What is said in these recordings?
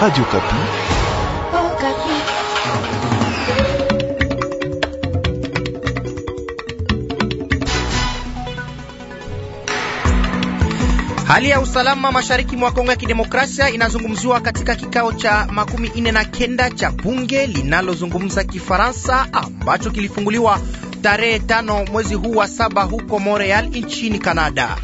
Radio Kapi. Oh, Kapi. Hali ya usalama mashariki mwa Kongo ya Kidemokrasia inazungumziwa katika kikao cha makumi ine na kenda cha bunge linalozungumza Kifaransa ambacho kilifunguliwa tarehe tano mwezi huu wa saba huko Montreal nchini Kanada.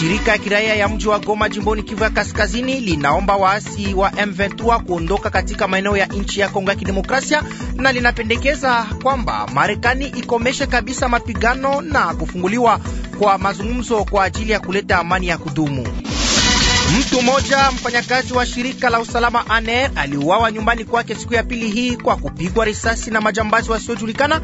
Shirika ya kiraia ya mji wa Goma jimboni Kivu ya Kaskazini linaomba waasi wa M23 kuondoka katika maeneo ya nchi ya Kongo ya Kidemokrasia na linapendekeza kwamba Marekani ikomeshe kabisa mapigano na kufunguliwa kwa mazungumzo kwa ajili ya kuleta amani ya kudumu. Mtu mmoja mfanyakazi wa shirika la usalama ANER aliuawa nyumbani kwake siku ya pili hii kwa kupigwa risasi na majambazi wasiojulikana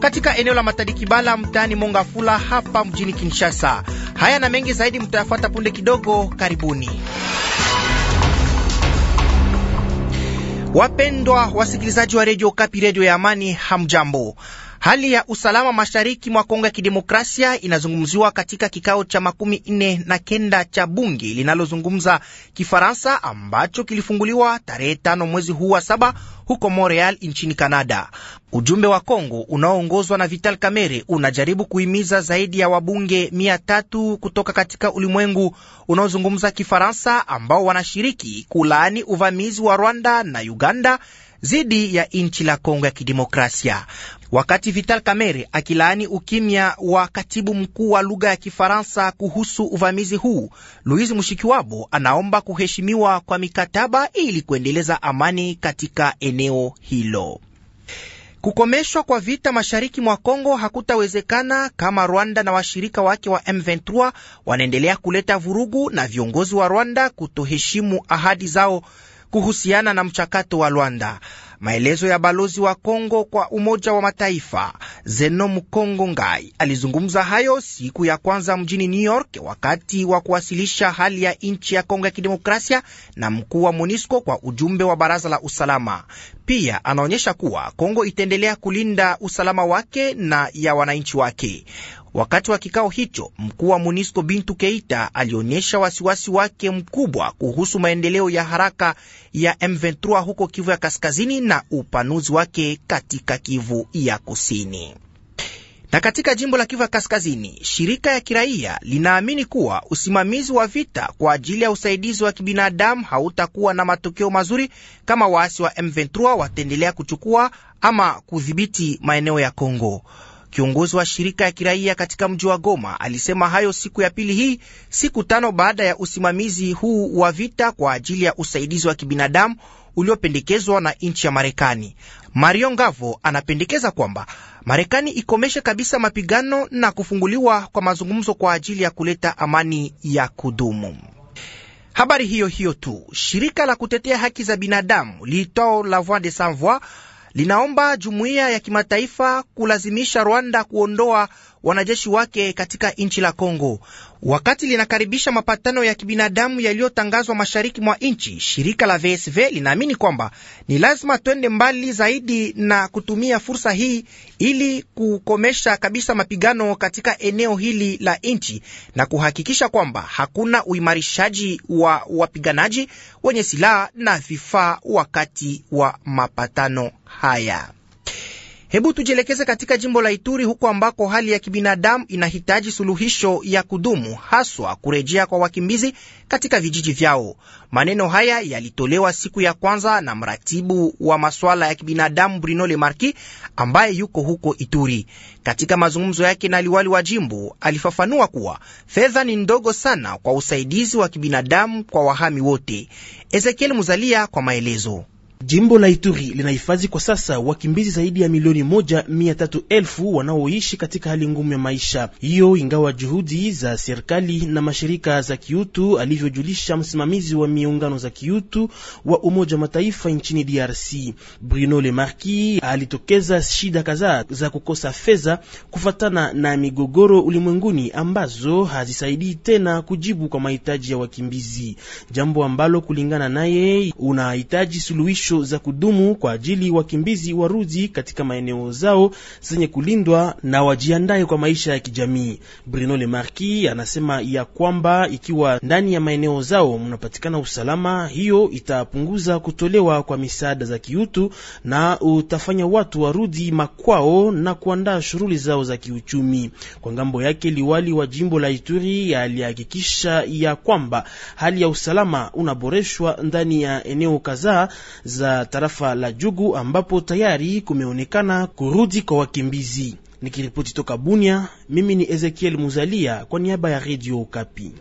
katika eneo la Matadi Kibala mtaani Mongafula hapa mjini Kinshasa. Haya na mengi zaidi mtayafuata punde kidogo. Karibuni. Wapendwa wasikilizaji wa redio Kapi, redio ya amani, hamjambo. Hali ya usalama mashariki mwa Kongo ya Kidemokrasia inazungumziwa katika kikao cha makumi nne na kenda cha bunge linalozungumza Kifaransa ambacho kilifunguliwa tarehe tano mwezi huu wa saba huko Montreal nchini Canada. Ujumbe wa Kongo unaoongozwa na Vital Kamerhe unajaribu kuhimiza zaidi ya wabunge mia tatu kutoka katika ulimwengu unaozungumza Kifaransa ambao wanashiriki kulaani uvamizi wa Rwanda na Uganda dhidi ya nchi la Kongo ya Kidemokrasia. Wakati Vital Kamerhe akilaani ukimya wa katibu mkuu wa lugha ya Kifaransa kuhusu uvamizi huu, Louise Mushikiwabo anaomba kuheshimiwa kwa mikataba ili kuendeleza amani katika eneo hilo. Kukomeshwa kwa vita mashariki mwa Kongo hakutawezekana kama Rwanda na washirika wake wa M23 wanaendelea kuleta vurugu na viongozi wa Rwanda kutoheshimu ahadi zao kuhusiana na mchakato wa Luanda. Maelezo ya balozi wa Kongo kwa Umoja wa Mataifa Zeno Mkongo Ngai alizungumza hayo siku ya kwanza mjini New York wakati wa kuwasilisha hali ya nchi ya Kongo ya Kidemokrasia na mkuu wa MONUSCO kwa ujumbe wa Baraza la Usalama. Pia anaonyesha kuwa Kongo itaendelea kulinda usalama wake na ya wananchi wake. Wakati wa kikao hicho, mkuu wa MONUSCO Bintu Keita alionyesha wasiwasi wake mkubwa kuhusu maendeleo ya haraka ya M23 huko Kivu ya Kaskazini na upanuzi wake katika Kivu ya Kusini. Na katika jimbo la Kivu ya Kaskazini, shirika ya kiraia linaamini kuwa usimamizi wa vita kwa ajili ya usaidizi wa kibinadamu hautakuwa na matokeo mazuri kama waasi wa M23 wataendelea kuchukua ama kudhibiti maeneo ya Kongo. Kiongozi wa shirika ya kiraia katika mji wa Goma alisema hayo siku ya pili hii, siku tano baada ya usimamizi huu wa vita kwa ajili ya usaidizi wa kibinadamu uliopendekezwa na nchi ya Marekani. Mario Ngavo anapendekeza kwamba Marekani ikomeshe kabisa mapigano na kufunguliwa kwa mazungumzo kwa ajili ya kuleta amani ya kudumu. Habari hiyo hiyo tu, shirika la kutetea haki za binadamu liitwao La Voix des Sans Voix linaomba jumuiya ya kimataifa kulazimisha Rwanda kuondoa wanajeshi wake katika nchi la Kongo. Wakati linakaribisha mapatano ya kibinadamu yaliyotangazwa mashariki mwa nchi, shirika la VSV linaamini kwamba ni lazima twende mbali zaidi na kutumia fursa hii ili kukomesha kabisa mapigano katika eneo hili la nchi na kuhakikisha kwamba hakuna uimarishaji wa wapiganaji wenye silaha na vifaa wakati wa mapatano haya. Hebu tujielekeze katika jimbo la Ituri huko ambako hali ya kibinadamu inahitaji suluhisho ya kudumu, haswa kurejea kwa wakimbizi katika vijiji vyao. Maneno haya yalitolewa siku ya kwanza na mratibu wa masuala ya kibinadamu Bruno Lemarquis ambaye yuko huko Ituri. Katika mazungumzo yake na liwali wa jimbo, alifafanua kuwa fedha ni ndogo sana kwa usaidizi wa kibinadamu kwa wahami wote. Ezekiel Muzalia kwa maelezo. Jimbo la Ituri linahifadhi kwa sasa wakimbizi zaidi ya milioni moja mia tatu elfu wanaoishi katika hali ngumu ya maisha hiyo, ingawa juhudi za serikali na mashirika za kiutu, alivyojulisha msimamizi wa miungano za kiutu wa Umoja wa Mataifa nchini DRC Bruno Le Marquis, alitokeza shida kadhaa za kukosa fedha kufatana na migogoro ulimwenguni ambazo hazisaidii tena kujibu kwa mahitaji ya wakimbizi, jambo ambalo kulingana naye unahitaji suluhisho posho za kudumu kwa ajili wakimbizi warudi katika maeneo zao zenye kulindwa na wajiandaye kwa maisha ya kijamii. Bruno Le Marquis anasema ya kwamba ikiwa ndani ya maeneo zao mnapatikana usalama, hiyo itapunguza kutolewa kwa misaada za kiutu na utafanya watu warudi makwao na kuandaa shughuli zao za kiuchumi. Kwa ngambo yake, liwali wa jimbo la Ituri alihakikisha ya kwamba hali ya usalama unaboreshwa ndani ya eneo kadhaa za tarafa la Jugu ambapo tayari kumeonekana kurudi kwa wakimbizi. Nikiripoti toka Bunia, mimi ni Ezekiel Muzalia kwa niaba ya Redio Okapi.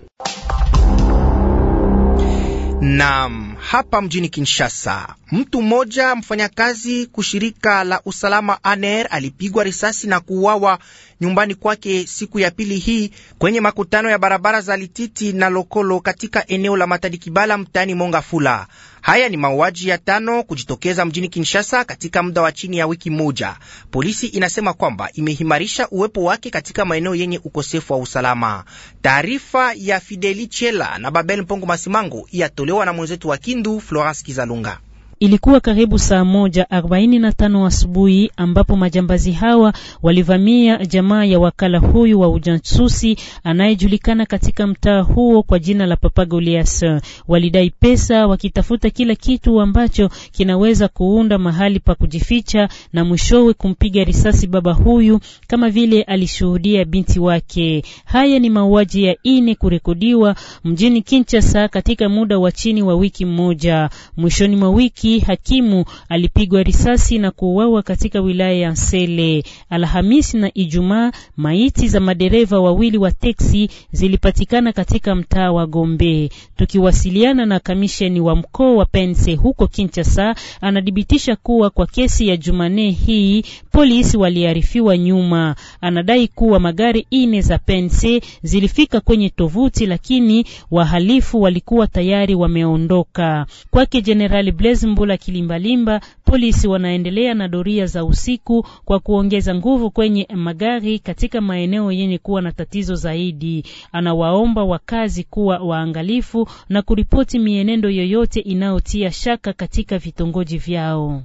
Nam, hapa mjini Kinshasa, mtu mmoja mfanyakazi kushirika la usalama ANER alipigwa risasi na kuuawa nyumbani kwake siku ya pili hii kwenye makutano ya barabara za Lititi na Lokolo katika eneo la Matadikibala mtaani Mongafula. Haya ni mauaji ya tano kujitokeza mjini Kinshasa katika muda wa chini ya wiki moja. Polisi inasema kwamba imehimarisha uwepo wake katika maeneo yenye ukosefu wa usalama. Taarifa ya Fideli Chela na Babel Mpongo Masimango iyatolewa na mwenzetu wa Kindu, Florence Kizalunga. Ilikuwa karibu saa moja arobaini na tano asubuhi ambapo majambazi hawa walivamia jamaa ya wakala huyu wa ujasusi anayejulikana katika mtaa huo kwa jina la Papa Golias. Walidai pesa wakitafuta kila kitu ambacho kinaweza kuunda mahali pa kujificha na mwishowe kumpiga risasi baba huyu kama vile alishuhudia binti wake. Haya ni mauaji ya ine kurekodiwa mjini Kinshasa katika muda wa chini wa wiki moja. Mwishoni mwa wiki hii hakimu alipigwa risasi na kuuawa katika wilaya ya Nsele. Alhamisi na Ijumaa, maiti za madereva wawili wa teksi zilipatikana katika mtaa wa Gombe. Tukiwasiliana na kamisheni wa mkoa wa Pense huko Kinshasa, anadhibitisha kuwa kwa kesi ya Jumane hii polisi waliarifiwa nyuma. Anadai kuwa magari ine za Pense zilifika kwenye tovuti, lakini wahalifu walikuwa tayari wameondoka. Kwake Jenerali Blaise jimbo la Kilimbalimba, polisi wanaendelea na doria za usiku kwa kuongeza nguvu kwenye magari katika maeneo yenye kuwa na tatizo zaidi. Anawaomba wakazi kuwa waangalifu na kuripoti mienendo yoyote inayotia shaka katika vitongoji vyao.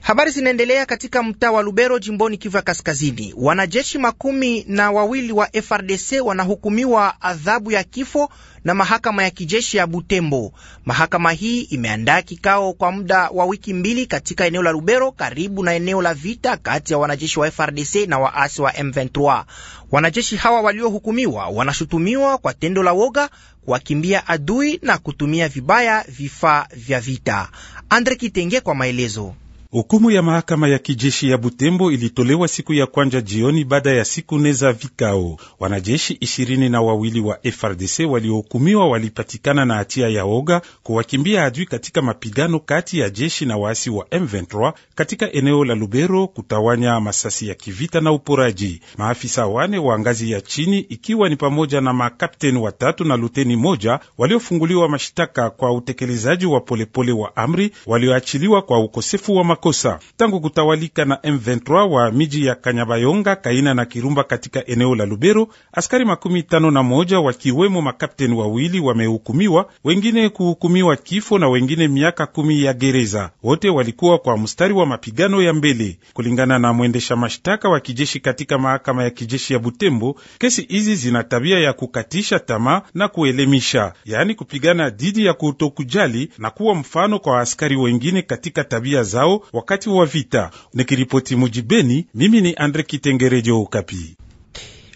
Habari zinaendelea katika mtaa wa Lubero jimboni Kivu ya Kaskazini. Wanajeshi makumi na wawili wa FRDC wanahukumiwa adhabu ya kifo na mahakama ya kijeshi ya Butembo. Mahakama hii imeandaa kikao kwa muda wa wiki mbili katika eneo la Lubero, karibu na eneo la vita kati ya wanajeshi wa FRDC na waasi wa M23. Wanajeshi hawa waliohukumiwa wanashutumiwa kwa tendo la woga, kuwakimbia adui na kutumia vibaya vifaa vya vita. Andre Kitenge kwa maelezo. Hukumu ya mahakama ya kijeshi ya Butembo ilitolewa siku ya kwanja jioni baada ya siku nne za vikao. Wanajeshi ishirini na wawili wa FRDC waliohukumiwa walipatikana na hatia ya oga kuwakimbia adui katika mapigano kati ya jeshi na waasi wa M23 katika eneo la Lubero, kutawanya masasi ya kivita na uporaji. Maafisa wane wa ngazi ya chini ikiwa ni pamoja na makapteni watatu na luteni moja waliofunguliwa mashtaka kwa utekelezaji wa polepole wa amri walioachiliwa kwa ukosefu wa makosa. Tangu kutawalika na M23 wa miji ya Kanyabayonga, Kaina na Kirumba katika eneo la Lubero, askari makumi tano na moja wakiwemo makapteni wawili wamehukumiwa, wengine kuhukumiwa kifo na wengine miaka kumi ya gereza. Wote walikuwa kwa mstari wa mapigano ya mbele, kulingana na mwendesha mashtaka wa kijeshi katika mahakama ya kijeshi ya Butembo. Kesi hizi zina tabia ya kukatisha tamaa na kuelemisha, yaani kupigana dhidi ya kutokujali na kuwa mfano kwa askari wengine katika tabia zao wakati wa vita. Nikiripoti Mujibeni, mimi ni Andre Kitenge, Redio Okapi.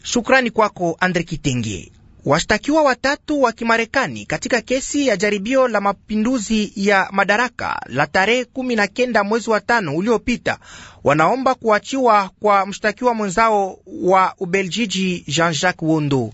Shukrani kwako Andre Kitenge. Washtakiwa watatu wa Kimarekani katika kesi ya jaribio la mapinduzi ya madaraka la tarehe kumi na kenda mwezi wa tano uliopita wanaomba kuachiwa kwa mshtakiwa mwenzao wa Ubeljiji Jean-Jacques Wondo,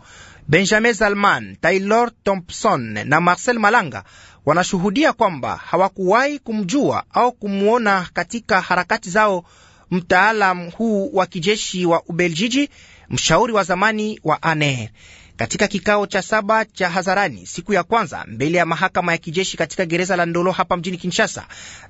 Benjamin Zalman, Taylor Thompson na Marcel Malanga wanashuhudia kwamba hawakuwahi kumjua au kumwona katika harakati zao mtaalam huu wa kijeshi wa Ubeljiji, mshauri wa zamani wa Aner. Katika kikao cha saba cha hadharani siku ya kwanza mbele ya mahakama ya kijeshi katika gereza la Ndolo hapa mjini Kinshasa,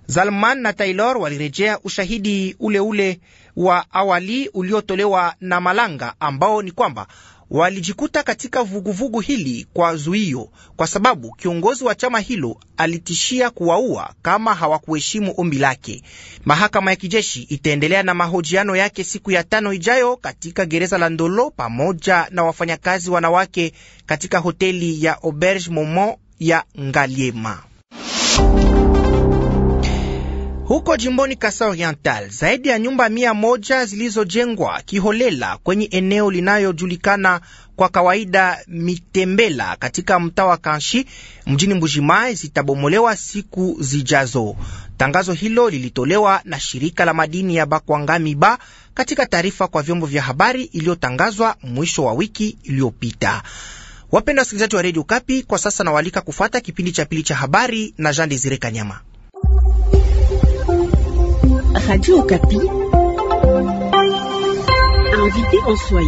Zalman na Taylor walirejea ushahidi uleule ule wa awali uliotolewa na Malanga ambao ni kwamba walijikuta katika vuguvugu vugu hili kwa zuio, kwa sababu kiongozi wa chama hilo alitishia kuwaua kama hawakuheshimu ombi lake. Mahakama ya kijeshi itaendelea na mahojiano yake siku ya tano ijayo katika gereza la Ndolo pamoja na wafanyakazi wanawake katika hoteli ya Auberge Momo ya Ngaliema. Huko jimboni Kasa Oriental, zaidi ya nyumba mia moja zilizojengwa kiholela kwenye eneo linayojulikana kwa kawaida Mitembela katika mtaa wa Kanshi mjini Mbujimai zitabomolewa siku zijazo. Tangazo hilo lilitolewa na shirika la madini ya Bakwangamiba katika taarifa kwa vyombo vya habari iliyotangazwa mwisho wa wiki iliyopita. Wapenda wasikilizaji wa redio Kapi, kwa sasa nawaalika kufuata kipindi cha pili cha habari na Jean Desire Kanyama. Radio Okapi. Invité en soi.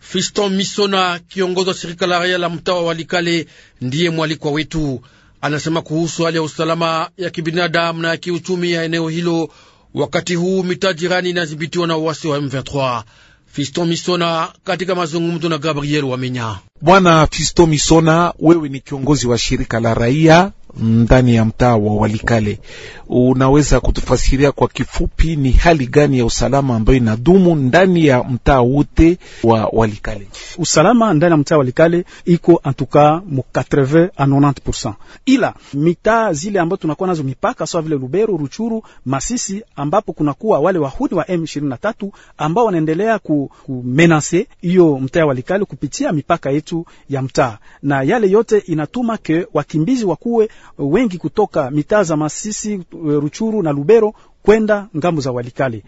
Fiston Misona, kiongozi wa shirika la raia la mtaa wa Walikale, ndiye mwalikwa wetu. Anasema kuhusu hali ya usalama ya kibinadamu na ya kiuchumi ya eneo hilo, wakati huu mitaa jirani inadhibitiwa na uasi wa M23. Fiston Misona katika mazungumzo na Gabriel Wamenya. Bwana Fiston Misona, wewe ni kiongozi wa shirika la raia ndani ya mtaa wa Walikale. Unaweza kutufasiria kwa kifupi, ni hali gani ya usalama ambayo inadumu ndani ya mtaa wote wa Walikale? Usalama ndani ya mtaa wa Walikale iko antuka mu 80 a 90%, ila mitaa zile ambazo tunakuwa nazo mipaka sawa vile Lubero, Ruchuru, Masisi, ambapo kunakuwa wale wahuni wa M23 ambao wanaendelea kumenase hiyo mtaa wa Walikale kupitia mipaka yetu ya mtaa, na yale yote inatuma ke wakimbizi wakuwe wengi kutoka mitaa za Masisi, eh, Ruchuru na Lubero kwenda ngambo za Walikale.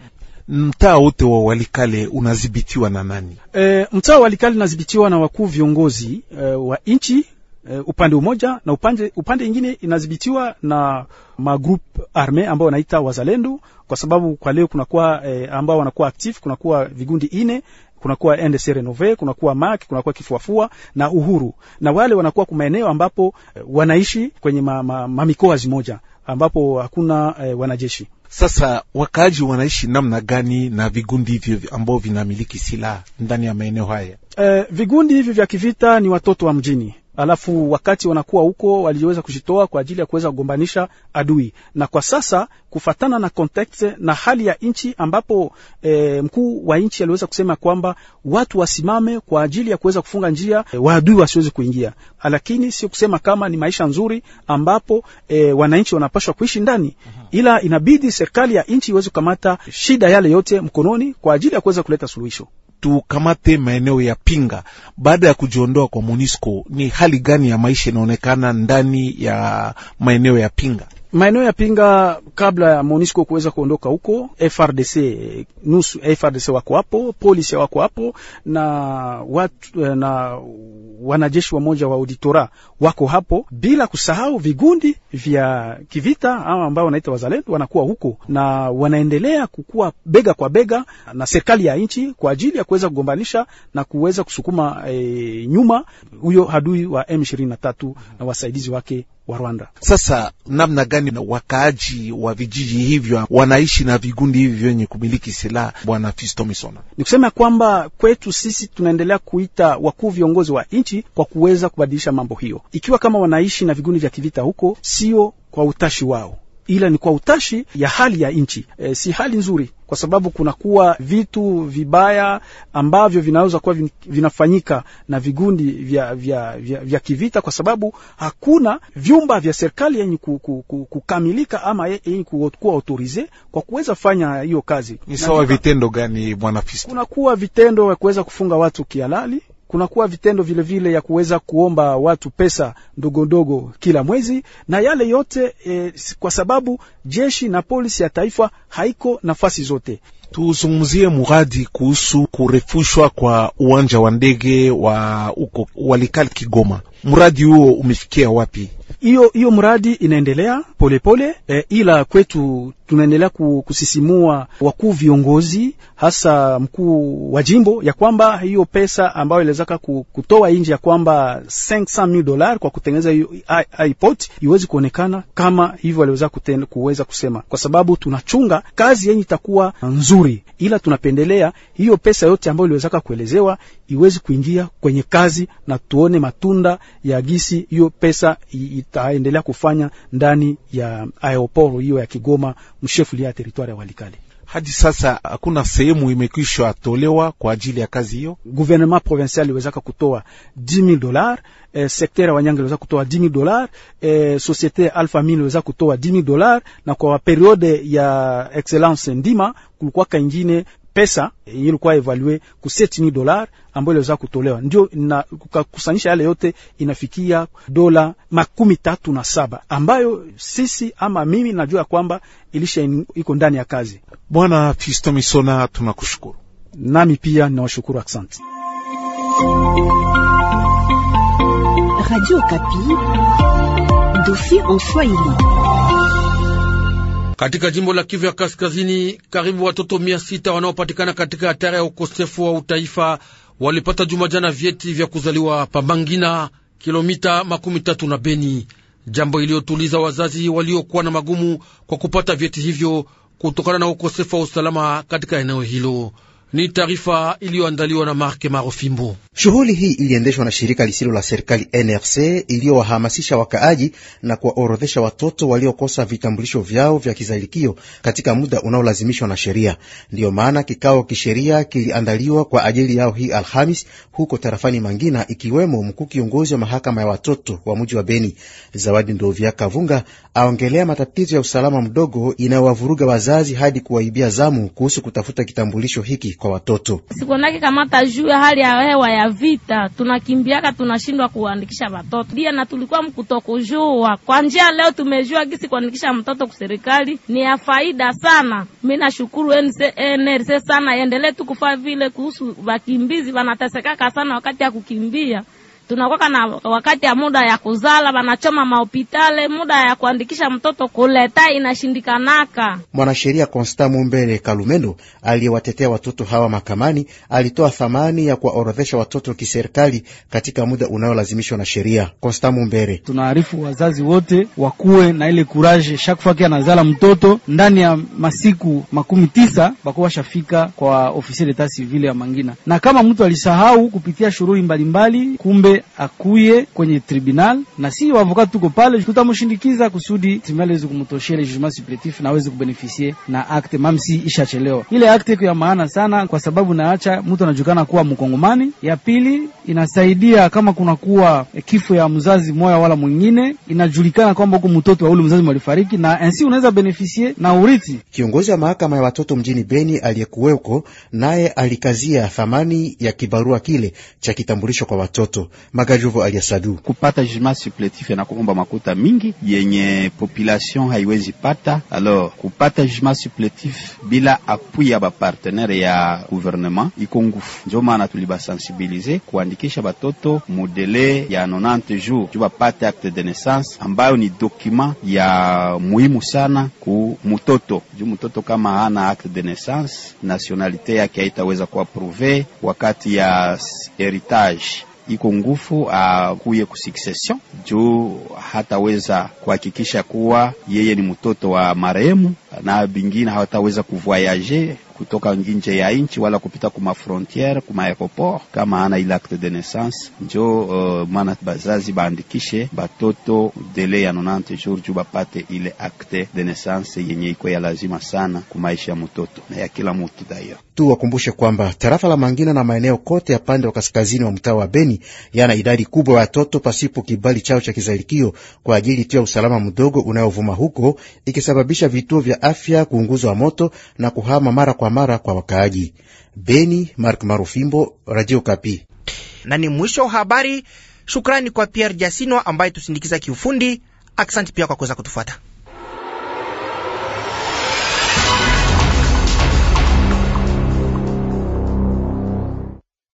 Mtaa wote wa Walikale unadhibitiwa na nani? E, mtaa wa Walikale unadhibitiwa na wakuu viongozi e, wa nchi e, upande umoja na upande upande ingine inadhibitiwa na magroup arme ambao wanaita wazalendo, kwa sababu kwa leo kunakuwa e, ambao wanakuwa active, kunakuwa vigundi ine kunakuwa NDC Renove, kunakuwa MAK, kunakuwa Kifuafua na Uhuru, na wale wanakuwa kwa maeneo ambapo eh, wanaishi kwenye mamikoa ma, ma zimoja ambapo hakuna e, wanajeshi. Sasa wakaaji wanaishi namna gani na vigundi hivyo ambao vinamiliki silaha ndani ya maeneo haya? E, vigundi hivyo vya kivita ni watoto wa mjini alafu wakati wanakuwa huko waliweza kujitoa kwa ajili ya kuweza kugombanisha adui. Na kwa sasa kufatana na context na hali ya nchi, ambapo e, mkuu wa nchi aliweza kusema kwamba watu wasimame kwa ajili ya kuweza kufunga njia e, eh, waadui wasiweze kuingia, lakini sio kusema kama ni maisha nzuri ambapo e, wananchi wanapaswa kuishi ndani, ila inabidi serikali ya nchi iweze kukamata shida yale yote mkononi kwa ajili ya kuweza kuleta suluhisho tukamate maeneo ya Pinga baada ya kujiondoa kwa MONUSCO, ni hali gani ya maisha inaonekana ndani ya maeneo ya Pinga? maeneo ya Pinga kabla ya Monisco kuweza kuondoka huko, FRDC nusu FRDC wako hapo, polisi wako hapo na watu na wanajeshi wamoja wa auditora wako hapo, bila kusahau vigundi vya kivita au ambao wanaita wazalendo wanakuwa huko na wanaendelea kukua bega kwa bega na serikali ya nchi kwa ajili ya kuweza kugombanisha na kuweza kusukuma e, nyuma huyo adui wa M23 na wasaidizi wake wa Rwanda. Sasa namna gani na wakaaji wa vijiji hivyo wanaishi na vigundi hivi vyenye kumiliki silaha, bwana Fisto Misona? Ni kusema kwamba kwetu sisi tunaendelea kuita wakuu viongozi wa nchi kwa kuweza kubadilisha mambo hiyo, ikiwa kama wanaishi na vigundi vya kivita huko, sio kwa utashi wao ila ni kwa utashi ya hali ya nchi e, si hali nzuri kwa sababu kunakuwa vitu vibaya ambavyo vinaweza kuwa vinafanyika na vigundi vya, vya, vya, vya kivita, kwa sababu hakuna vyumba vya serikali yenye kukamilika ama yenye kuwa autorize kwa kuweza fanya hiyo kazi. Ni sawa vitendo gani bwana Fisto? Kunakuwa vitendo vya kuweza kufunga watu kialali kunakuwa vitendo vilevile vile ya kuweza kuomba watu pesa ndogo ndogo kila mwezi, na yale yote eh, kwa sababu jeshi na polisi ya taifa haiko nafasi zote. Tuzungumzie muradi kuhusu kurefushwa kwa uwanja wa ndege wa uko Walikali Kigoma. Mradi huo umefikia wapi? Hiyo hiyo mradi inaendelea polepole pole, eh, ila kwetu tunaendelea kusisimua wakuu viongozi, hasa mkuu wa jimbo, ya kwamba hiyo pesa ambayo ilizaka kutoa nje ya kwamba 500,000 dola kwa kutengeneza hiyo iPod iwezi kuonekana kama hivyo aliweza kuweza kusema, kwa sababu tunachunga kazi yenye itakuwa nzuri, ila tunapendelea hiyo pesa yote ambayo iliwezaka kuelezewa iwezi kuingia kwenye kazi, na tuone matunda ya gisi hiyo pesa itaendelea kufanya ndani ya aeroporo hiyo ya Kigoma mshefulia ya teritwari ya Walikale. Hadi sasa hakuna sehemu imekwisha tolewa kwa ajili ya kazi hiyo. Gouvernement provincial liwezaka kutoa 10000 dollars, e, eh, sekter ya Wanyanga liweza kutoa 10000 dollars, e, eh, societe Alpha Mine iweza kutoa 10000 dollars, na kwa periode ya excellence Ndima kulikuwa kaingine pesa eh, ilikuwa evalue ku 7000 dollars ambayo iliweza kutolewa, ndio kukusanyisha yale yote inafikia dola makumi tatu na saba ambayo sisi ama mimi najua kwamba ilisha iko ndani ya kazi. Bwana Fisto Misona, tunakushukuru. Nami pia nawashukuru, asante. Radio Kapi, dossier en Swahili. Katika jimbo la Kivu ya Kaskazini, karibu watoto mia sita wanaopatikana katika hatari ya ukosefu wa utaifa walipata jumajana vyeti vya kuzaliwa Pambangina, kilomita makumi tatu na Beni, jambo iliyotuliza wazazi waliokuwa na magumu kwa kupata vyeti hivyo kutokana na ukosefu wa usalama katika eneo hilo. Ni taarifa iliyoandaliwa na Marke Marofimbo. Shughuli hii iliendeshwa na shirika lisilo la serikali NRC iliyowahamasisha wakaaji na kuwaorodhesha watoto waliokosa vitambulisho vyao vya kizalikio katika muda unaolazimishwa na sheria. Ndiyo maana kikao kisheria kiliandaliwa kwa ajili yao hii Alhamis huko tarafani Mangina, ikiwemo mkuu kiongozi wa mahakama ya watoto wa mji wa Beni. Zawadi Ndovya Kavunga aongelea matatizo ya usalama mdogo inayowavuruga wazazi hadi kuwaibia zamu kuhusu kutafuta kitambulisho hiki kwa watoto. Sikonake kamata juu ya hali ya hewa ya vita, tunakimbiaka tunashindwa kuandikisha watoto dia, na tulikuwa mkutokujua kwa njia. Leo tumejua gisi kuandikisha mtoto kuserikali ni ya faida sana. Mimi nashukuru NRC sana, endelee tukufa vile kuhusu wakimbizi wanatesekaka sana wakati ya kukimbia tunakwaka na wakati ya muda ya kuzala, wanachoma mahopitale, muda ya kuandikisha mtoto kuleta inashindikanaka. Mwanasheria konsta Mumbele Kalumendo aliyewatetea watoto hawa makamani alitoa thamani ya kuwaorodhesha watoto kiserikali katika muda unayolazimishwa na sheria. Konsta Mumbele: tunaarifu wazazi wote wakuwe na ile kuraje shakufaki anazala mtoto ndani ya masiku makumi tisa bakuwa shafika kwa ofisi leta sivile ya Mangina, na kama mtu alisahau kupitia shughuli mbalimbali, kumbe akuye kwenye tribunal, na si wavoka tuko pale, tutamshindikiza kusudi tribunal iweze kumtoshea jugement supplétif na aweze kubenefisie na mam si ishachelewa. Ile acte ya maana sana, kwa sababu naacha mtu anajulikana kuwa Mkongomani. Ya pili inasaidia kama kunakuwa kifo ya mzazi moya wala mwingine, inajulikana kwamba huko mtoto wa ule mzazi mwalifariki, na ainsi unaweza benefisie na urithi. Kiongozi wa mahakama ya watoto mjini Beni aliyekuweko naye alikazia thamani ya kibarua kile cha kitambulisho kwa watoto. Magajovo aliasadu kupata jugement suppletif inakuomba makuta mingi yenye population haiwezi pata. Alors kupata jugement suppletif bila apui ya bapartenere ya gouvernement iko ngufu, njo maana tulibasensibilize kuandikisha batoto modele ya 90 jours ju bapate acte de naissance ambayo ni dokima ya muhimu sana ku mutoto, ju mutoto kama hana acte de naissance nationalité yake haitaweza kuapruve wakati ya heritage iko nguvu akuye ah, kusuccession juu hataweza kuhakikisha kuwa yeye ni mtoto wa marehemu, na bingine hawataweza kuvoyager kutoka nje ya nchi wala kupita kuma frontiere kuma aeroport kama ana ile acte de naissance njo uh, mwana bazazi baandikishe batoto dele ya 90 jours juu bapate ile acte de naissance yenye iko ya lazima sana kumaisha ya mtoto na ya kila mtu Dayo tu wakumbushe kwamba tarafa la Mangina na maeneo kote ya pande wa kaskazini wa mtaa wa Beni yana idadi kubwa ya watoto pasipo kibali chao cha kizalikio kwa ajili tu ya usalama mdogo unayovuma huko, ikisababisha vituo vya afya kuunguzwa moto na kuhama mara kwa kwa mara kwa wakaaji. Beni, Mark Marufimbo, Radio Kapi. Na ni mwisho wa habari. Shukrani kwa Pierre Jasino ambaye tusindikiza kiufundi. Aksanti pia kwa kuweza kutufuata.